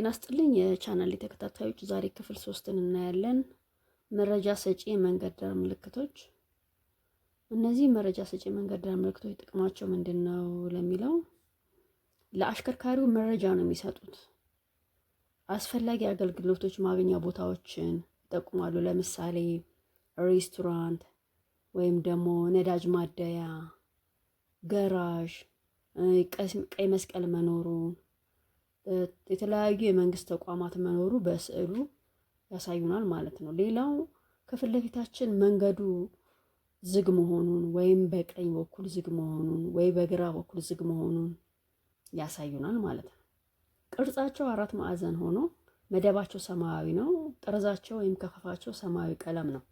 ጤና ስጥልኝ የቻናል ተከታታዮች፣ ዛሬ ክፍል ሶስትን እናያለን። መረጃ ሰጪ የመንገድ ዳር ምልክቶች። እነዚህ መረጃ ሰጪ የመንገድ ዳር ምልክቶች ጥቅማቸው ምንድን ነው ለሚለው ለአሽከርካሪው መረጃ ነው የሚሰጡት። አስፈላጊ አገልግሎቶች ማግኛ ቦታዎችን ይጠቁማሉ። ለምሳሌ ሬስቶራንት ወይም ደግሞ ነዳጅ ማደያ፣ ገራዥ፣ ቀይ መስቀል መኖሩ የተለያዩ የመንግስት ተቋማት መኖሩ በስዕሉ ያሳዩናል ማለት ነው። ሌላው ከፊት ለፊታችን መንገዱ ዝግ መሆኑን ወይም በቀኝ በኩል ዝግ መሆኑን ወይ በግራ በኩል ዝግ መሆኑን ያሳዩናል ማለት ነው። ቅርጻቸው አራት ማዕዘን ሆኖ መደባቸው ሰማያዊ ነው። ጠርዛቸው ወይም ከፈፋቸው ሰማያዊ ቀለም ነው።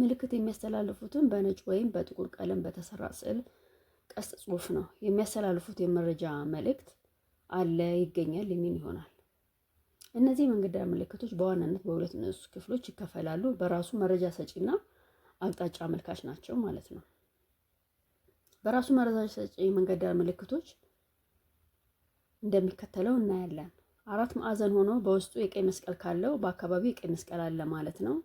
ምልክት የሚያስተላልፉትም በነጭ ወይም በጥቁር ቀለም በተሰራ ስዕል ቀስት ጽሑፍ ነው የሚያስተላልፉት የመረጃ መልእክት አለ ይገኛል የሚል ይሆናል። እነዚህ የመንገድ ዳር ምልክቶች በዋናነት በሁለት ንዑስ ክፍሎች ይከፈላሉ። በራሱ መረጃ ሰጪና አቅጣጫ አመልካች ናቸው ማለት ነው። በራሱ መረጃ ሰጪ የመንገድ ዳር ምልክቶች እንደሚከተለው እናያለን። አራት ማዕዘን ሆኖ በውስጡ የቀይ መስቀል ካለው በአካባቢው የቀይ መስቀል አለ ማለት ነው።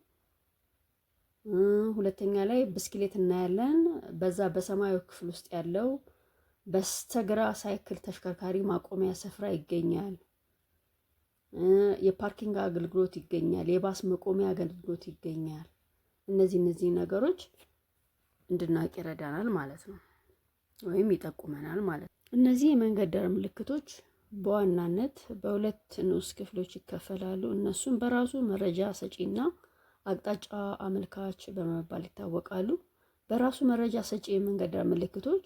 ሁለተኛ ላይ ብስክሌት እናያለን። በዛ በሰማያዊ ክፍል ውስጥ ያለው በስተግራ ሳይክል ተሽከርካሪ ማቆሚያ ስፍራ ይገኛል። የፓርኪንግ አገልግሎት ይገኛል። የባስ መቆሚያ አገልግሎት ይገኛል። እነዚህ እነዚህ ነገሮች እንድናውቅ ይረዳናል ማለት ነው፣ ወይም ይጠቁመናል ማለት ነው። እነዚህ የመንገድ ዳር ምልክቶች በዋናነት በሁለት ንዑስ ክፍሎች ይከፈላሉ። እነሱም በራሱ መረጃ ሰጪና አቅጣጫ አመልካች በመባል ይታወቃሉ። በራሱ መረጃ ሰጪ የመንገድ ዳር ምልክቶች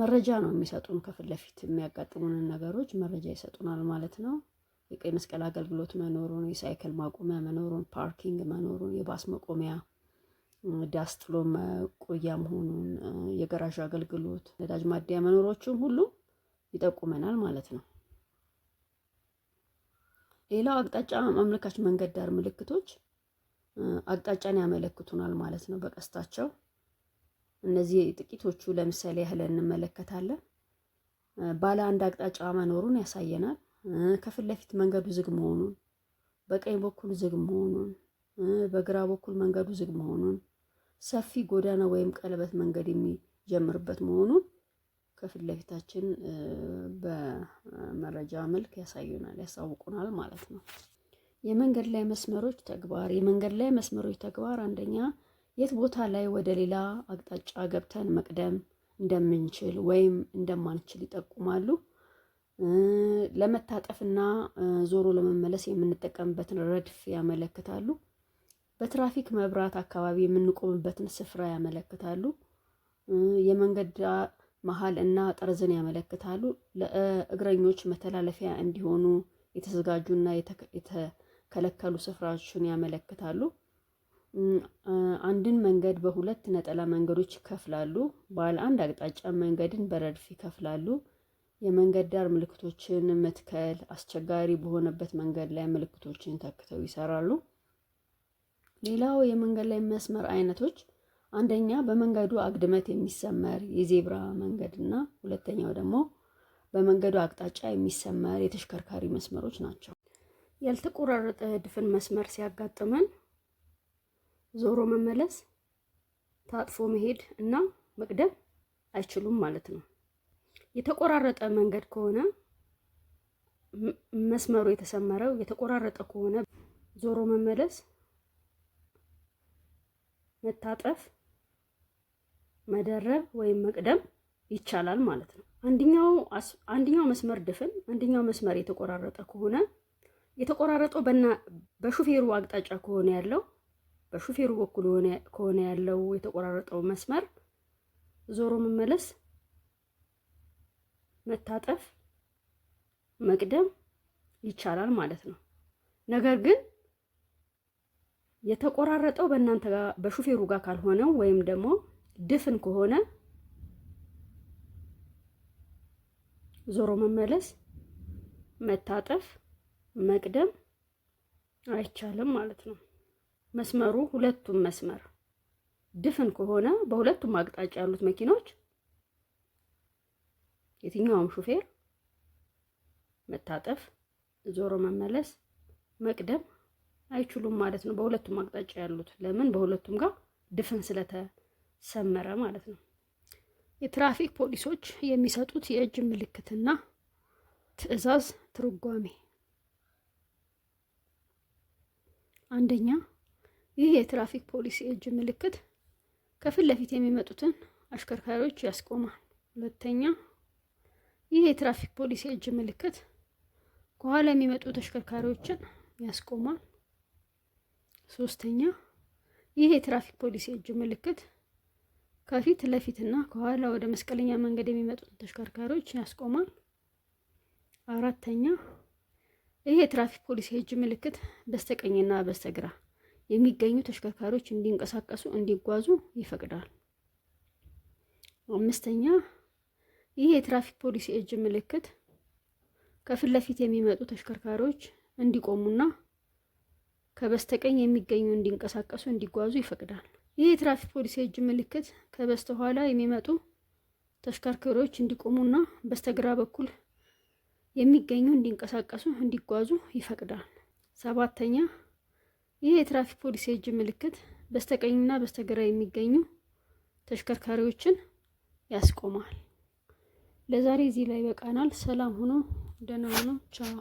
መረጃ ነው የሚሰጡን። ከፊት ለፊት የሚያጋጥሙንን ነገሮች መረጃ ይሰጡናል ማለት ነው። የቀይ መስቀል አገልግሎት መኖሩን፣ የሳይክል ማቆሚያ መኖሩን፣ ፓርኪንግ መኖሩን፣ የባስ መቆሚያ ዳስ ጥሎ መቆያ መሆኑን፣ የገራዥ አገልግሎት፣ ነዳጅ ማደያ መኖሮቹን ሁሉ ይጠቁመናል ማለት ነው። ሌላው አቅጣጫ አመልካች መንገድ ዳር ምልክቶች አቅጣጫን ያመለክቱናል ማለት ነው በቀስታቸው እነዚህ ጥቂቶቹ ለምሳሌ ያህል እንመለከታለን። ባለ አንድ አቅጣጫ መኖሩን ያሳየናል። ከፊት ለፊት መንገዱ ዝግ መሆኑን፣ በቀኝ በኩል ዝግ መሆኑን፣ በግራ በኩል መንገዱ ዝግ መሆኑን፣ ሰፊ ጎዳና ወይም ቀለበት መንገድ የሚጀምርበት መሆኑን ከፊት ለፊታችን በመረጃ መልክ ያሳዩናል፣ ያሳውቁናል ማለት ነው። የመንገድ ላይ መስመሮች ተግባር የመንገድ ላይ መስመሮች ተግባር አንደኛ የት ቦታ ላይ ወደ ሌላ አቅጣጫ ገብተን መቅደም እንደምንችል ወይም እንደማንችል ይጠቁማሉ። ለመታጠፍና ዞሮ ለመመለስ የምንጠቀምበትን ረድፍ ያመለክታሉ። በትራፊክ መብራት አካባቢ የምንቆምበትን ስፍራ ያመለክታሉ። የመንገድ መሀል እና ጠርዝን ያመለክታሉ። ለእግረኞች መተላለፊያ እንዲሆኑ የተዘጋጁና የተከለከሉ ስፍራዎችን ያመለክታሉ። አንድን መንገድ በሁለት ነጠላ መንገዶች ይከፍላሉ። ባለ አንድ አቅጣጫ መንገድን በረድፍ ይከፍላሉ። የመንገድ ዳር ምልክቶችን መትከል አስቸጋሪ በሆነበት መንገድ ላይ ምልክቶችን ተክተው ይሰራሉ። ሌላው የመንገድ ላይ መስመር አይነቶች አንደኛ በመንገዱ አግድመት የሚሰመር የዜብራ መንገድ እና ሁለተኛው ደግሞ በመንገዱ አቅጣጫ የሚሰመር የተሽከርካሪ መስመሮች ናቸው። ያልተቆራረጠ ድፍን መስመር ሲያጋጥመን ዞሮ መመለስ ታጥፎ መሄድ እና መቅደም አይችሉም ማለት ነው። የተቆራረጠ መንገድ ከሆነ መስመሩ የተሰመረው የተቆራረጠ ከሆነ ዞሮ መመለስ፣ መታጠፍ፣ መደረብ ወይም መቅደም ይቻላል ማለት ነው። አንደኛው አንድኛው መስመር ድፍን፣ አንደኛው መስመር የተቆራረጠ ከሆነ የተቆራረጠው በና በሹፌሩ አቅጣጫ ከሆነ ያለው በሹፌሩ በኩል ከሆነ ያለው የተቆራረጠው መስመር ዞሮ መመለስ፣ መታጠፍ፣ መቅደም ይቻላል ማለት ነው። ነገር ግን የተቆራረጠው በእናንተ ጋር በሹፌሩ ጋር ካልሆነ ወይም ደግሞ ድፍን ከሆነ ዞሮ መመለስ፣ መታጠፍ፣ መቅደም አይቻልም ማለት ነው። መስመሩ ሁለቱም መስመር ድፍን ከሆነ በሁለቱም አቅጣጫ ያሉት መኪኖች የትኛውም ሹፌር መታጠፍ፣ ዞሮ መመለስ፣ መቅደም አይችሉም ማለት ነው። በሁለቱም አቅጣጫ ያሉት ለምን? በሁለቱም ጋር ድፍን ስለተሰመረ ማለት ነው። የትራፊክ ፖሊሶች የሚሰጡት የእጅ ምልክትና ትዕዛዝ ትርጓሜ አንደኛ ይህ የትራፊክ ፖሊስ የእጅ ምልክት ከፊት ለፊት የሚመጡትን አሽከርካሪዎች ያስቆማል። ሁለተኛ፣ ይህ የትራፊክ ፖሊስ የእጅ ምልክት ከኋላ የሚመጡ ተሽከርካሪዎችን ያስቆማል። ሶስተኛ፣ ይህ የትራፊክ ፖሊስ የእጅ ምልክት ከፊት ለፊትና ከኋላ ወደ መስቀለኛ መንገድ የሚመጡትን ተሽከርካሪዎች ያስቆማል። አራተኛ፣ ይህ የትራፊክ ፖሊስ የእጅ ምልክት በስተቀኝና በስተግራ የሚገኙ ተሽከርካሪዎች እንዲንቀሳቀሱ እንዲጓዙ ይፈቅዳል። አምስተኛ ይህ የትራፊክ ፖሊሲ እጅ ምልክት ከፊት ለፊት የሚመጡ ተሽከርካሪዎች እንዲቆሙና ከበስተቀኝ የሚገኙ እንዲንቀሳቀሱ እንዲጓዙ ይፈቅዳል። ይህ የትራፊክ ፖሊሲ የእጅ ምልክት ከበስተኋላ የሚመጡ ተሽከርካሪዎች እንዲቆሙና በስተግራ በኩል የሚገኙ እንዲንቀሳቀሱ እንዲጓዙ ይፈቅዳል። ሰባተኛ ይህ የትራፊክ ፖሊስ የእጅ ምልክት በስተቀኝና በስተግራ የሚገኙ ተሽከርካሪዎችን ያስቆማል። ለዛሬ እዚህ ላይ ይበቃናል። ሰላም ሁኑ፣ ደህና ሁኑ፣ ቻው።